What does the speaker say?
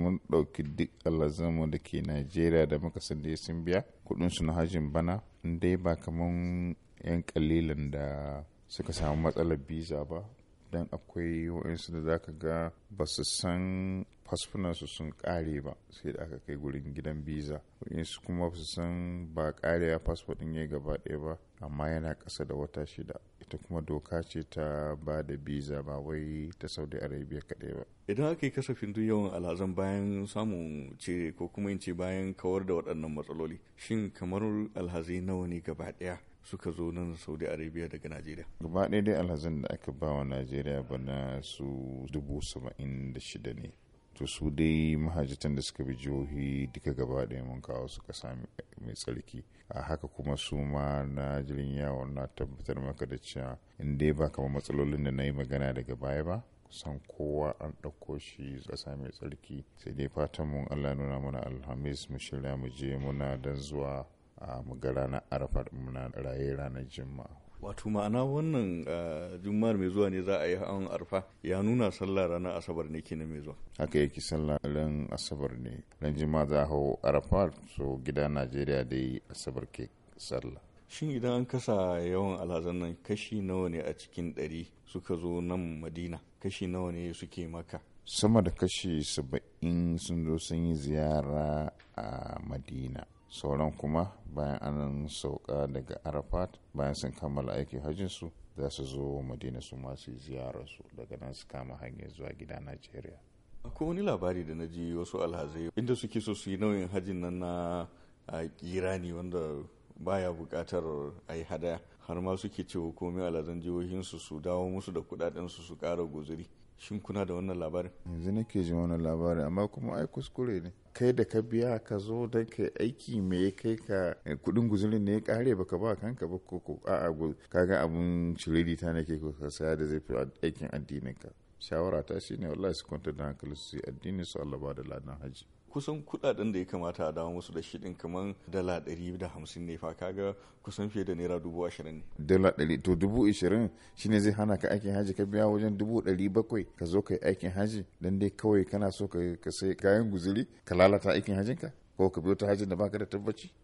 mun ɗauki duk mu da ke najeriya da muka san da sun biya su na hajjin bana dai ba kamar 'yan kalilan da suka samu matsalar biza ba don akwai waɗansu da zaka ga ba su san fasfunansu sun kare ba sai da aka kai gurin gidan biza su kuma su san ba karewa fasfo din ya gaba ɗaya ba amma yana kasa da wata shida ita kuma doka ce ta ba da biza ba wai ta saudi arabia kaɗai ba idan aka yi kasafin duk yawan alhazan bayan samun cire ko kuma in ce bayan kawar da waɗannan matsaloli shin kamar alhazai nawa ne gaba ɗaya suka zo nan saudi arabia daga najeriya gaba ɗaya dai alhazan da aka ba wa najeriya bana su dubu saba'in da shida ne to su dai mahajjatan da suka bi jihohi duka gaba ɗaya mun kawo su ƙasa mai tsarki a haka kuma su ma na jirin yawon na tabbatar maka da cewa in dai ba kamar matsalolin da na yi magana daga baya ba kusan kowa an ɗauko shi ƙasa mai tsarki sai dai fatan mun allah nuna mana alhamis mu shirya mu je muna don zuwa a mu ga ranar arafa muna raye ranar juma'a wato ma'ana wannan juma'ar mai zuwa ne za a yi hawan arfa ya nuna sallah ranar asabar ne kenan mai zuwa haka yake sallah ran asabar ne ran jima za a hau arfa so gida najeriya dai asabar ke sallah shin idan an kasa yawan alhazan nan kashi nawa ne a cikin ɗari suka zo nan madina kashi nawa ne suke maka sama da kashi saba'in sun zo sun yi ziyara a madina sauran kuma bayan an sauka daga arafat bayan sun kammala aikin hajjinsu za su zo madina su masu ziyararsu daga nan su kama hanyar zuwa gida najeriya akwai wani labari da na ji wasu alhazai inda suke so su yi nauyin hajjin nan na kirani ah, wanda baya bukatar a yi hadaya har ma suke cewa komai aladen jihohinsu su dawo musu da kudadensu su kara guzuri shin kuna da wannan labarin yanzu nake jin wannan labarin amma kuma ai kuskure ne kai da ka biya ka zo don ka aiki me ya kai ka kudin guzurin ne ya kare baka ba kanka ba ko a'a ga abun ciriri ta nake ka saya da zai fi aikin addinin ka shawara ta shi ne wallahi su kwanta da hankali su yi addini su Allah ba da ladan haji kusan kudaden da ya kamata a dawo musu da shi din kaman dala ɗari da hamsin ne fa kaga kusan fiye da naira dubu ashirin ne dala ɗari to dubu ashirin shine zai hana ka aikin haji ka biya wajen dubu ɗari bakwai ka zo ka yi aikin haji dan dai kawai kana so ka sai kayan guzuri ka lalata aikin hajinka ko ka biyo ta hajin da baka da tabbaci